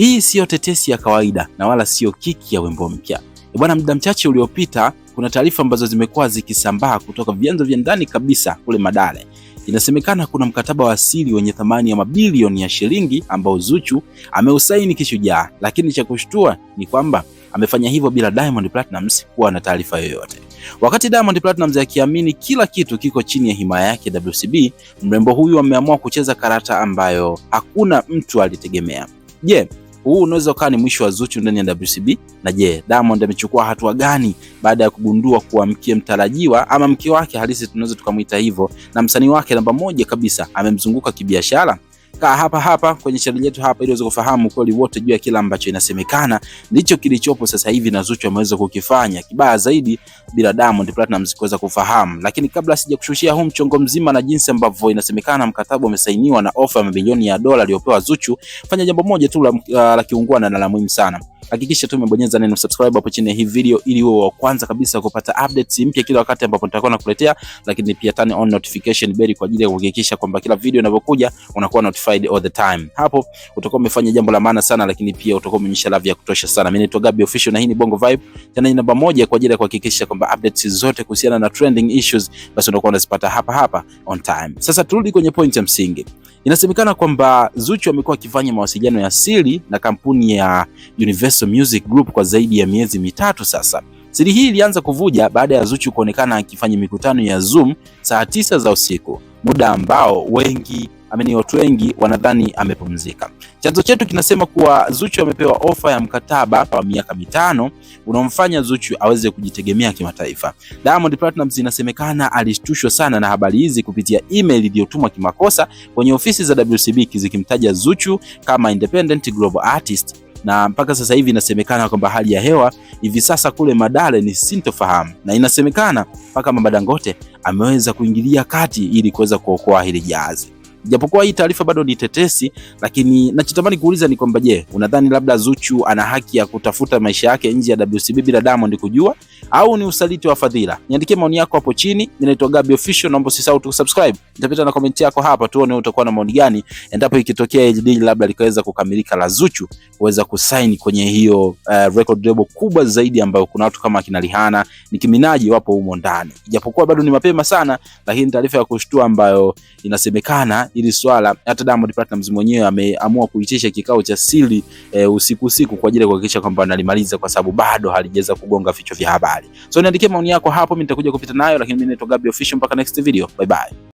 Hii siyo tetesi ya kawaida na wala siyo kiki ya wimbo mpya. E bwana, muda mchache uliopita kuna taarifa ambazo zimekuwa zikisambaa kutoka vyanzo vya ndani kabisa kule Madale. Inasemekana kuna mkataba wa siri wenye thamani ya mabilioni ya shilingi ambao Zuchu ameusaini kishujaa, lakini cha kushtua ni kwamba amefanya hivyo bila Diamond Platnumz kuwa na taarifa yoyote. Wakati Diamond Platnumz akiamini kila kitu kiko chini ya himaya yake WCB, mrembo huyu ameamua kucheza karata ambayo hakuna mtu alitegemea. Je, yeah, huu unaweza ukawa ni mwisho wa Zuchu ndani ya WCB. Na je, Diamond amechukua hatua gani baada ya kugundua kuwa mke mtarajiwa ama mke wake halisi, tunaweza tukamwita hivyo, na msanii wake namba moja kabisa amemzunguka kibiashara? kaa hapa hapa kwenye channel yetu hapa, ili uweze kufahamu ukweli wote juu ya kila ambacho inasemekana ndicho kilichopo sasa hivi na Zuchu ameweza kukifanya kibaya zaidi bila Diamond Platnumz kuweza kufahamu. Lakini kabla sija kushushia huu mchongo mzima na jinsi ambavyo inasemekana mkataba umesainiwa na ofa ya mabilioni ya dola aliyopewa Zuchu, fanya jambo moja tu la, uh, la kiungwana na la muhimu sana hakikisha tu umebonyeza neno subscribe hapo chini ya hii video ili uwe wa kwanza kabisa kupata updates mpya kila wakati ambapo nitakuwa nakuletea, lakini pia turn on notification bell kwa ajili ya kuhakikisha kwamba kila video inapokuja unakuwa notified all the time. Hapo utakuwa umefanya jambo la maana sana, lakini pia utakuwa umeonyesha love ya kutosha sana. Mimi naitwa Gabby Official na hii ni Bongo Vibe, channel namba moja kwa ajili ya kuhakikisha kwamba updates zote kuhusiana na trending issues basi unakuwa unazipata hapa hapa on time. Sasa turudi kwenye point ya msingi. Inasemekana kwamba Zuchu amekuwa akifanya mawasiliano ya siri na kampuni ya Universal Manifesto Music Group kwa zaidi ya miezi mitatu sasa. Siri hii ilianza kuvuja baada ya Zuchu kuonekana akifanya mikutano ya Zoom saa tisa za usiku, muda ambao wengi ameni watu wengi wanadhani amepumzika. Chanzo chetu kinasema kuwa Zuchu amepewa ofa ya mkataba wa miaka mitano unaomfanya Zuchu aweze kujitegemea kimataifa. Diamond Platnumz inasemekana alishtushwa sana na habari hizi kupitia email iliyotumwa kimakosa kwenye ofisi za WCB zikimtaja Zuchu kama independent global artist na mpaka sasa hivi inasemekana kwamba hali ya hewa hivi sasa kule Madale ni sintofahamu, na inasemekana mpaka Mama Dangote ameweza kuingilia kati ili kuweza kuokoa hili jahazi. Japokuwa hii taarifa bado ni tetesi, lakini nachotamani kuuliza ni kwamba je, unadhani labda Zuchu ana haki ya kutafuta maisha yake nje ya WCB bila Diamond kujua? au ni usaliti wa fadhila? Niandikie maoni yako hapo chini. Ninaitwa Gabi Official, naomba usisahau tu subscribe. Nitapita na comment yako hapa, tuone utakuwa na maoni gani endapo ikitokea hili deal labda likaweza kukamilika la Zuchu kuweza kusaini kwenye hiyo uh, record label kubwa zaidi ambayo kuna watu kama akina Rihanna, Nicki Minaj wapo humo ndani. Japokuwa bado ni mapema sana, lakini taarifa ya kushtua ambayo inasemekana ili swala hata Diamond Platnumz mwenyewe ameamua kuitisha kikao cha siri eh, usiku usiku kwa ajili ya kuhakikisha kwamba analimaliza kwa sababu bado halijaweza kugonga vichwa vya habari mbalimbali. So niandikie maoni yako hapo, mimi nitakuja kupita nayo, lakini mimi naitwa Gabby Official, mpaka next video, bye bye.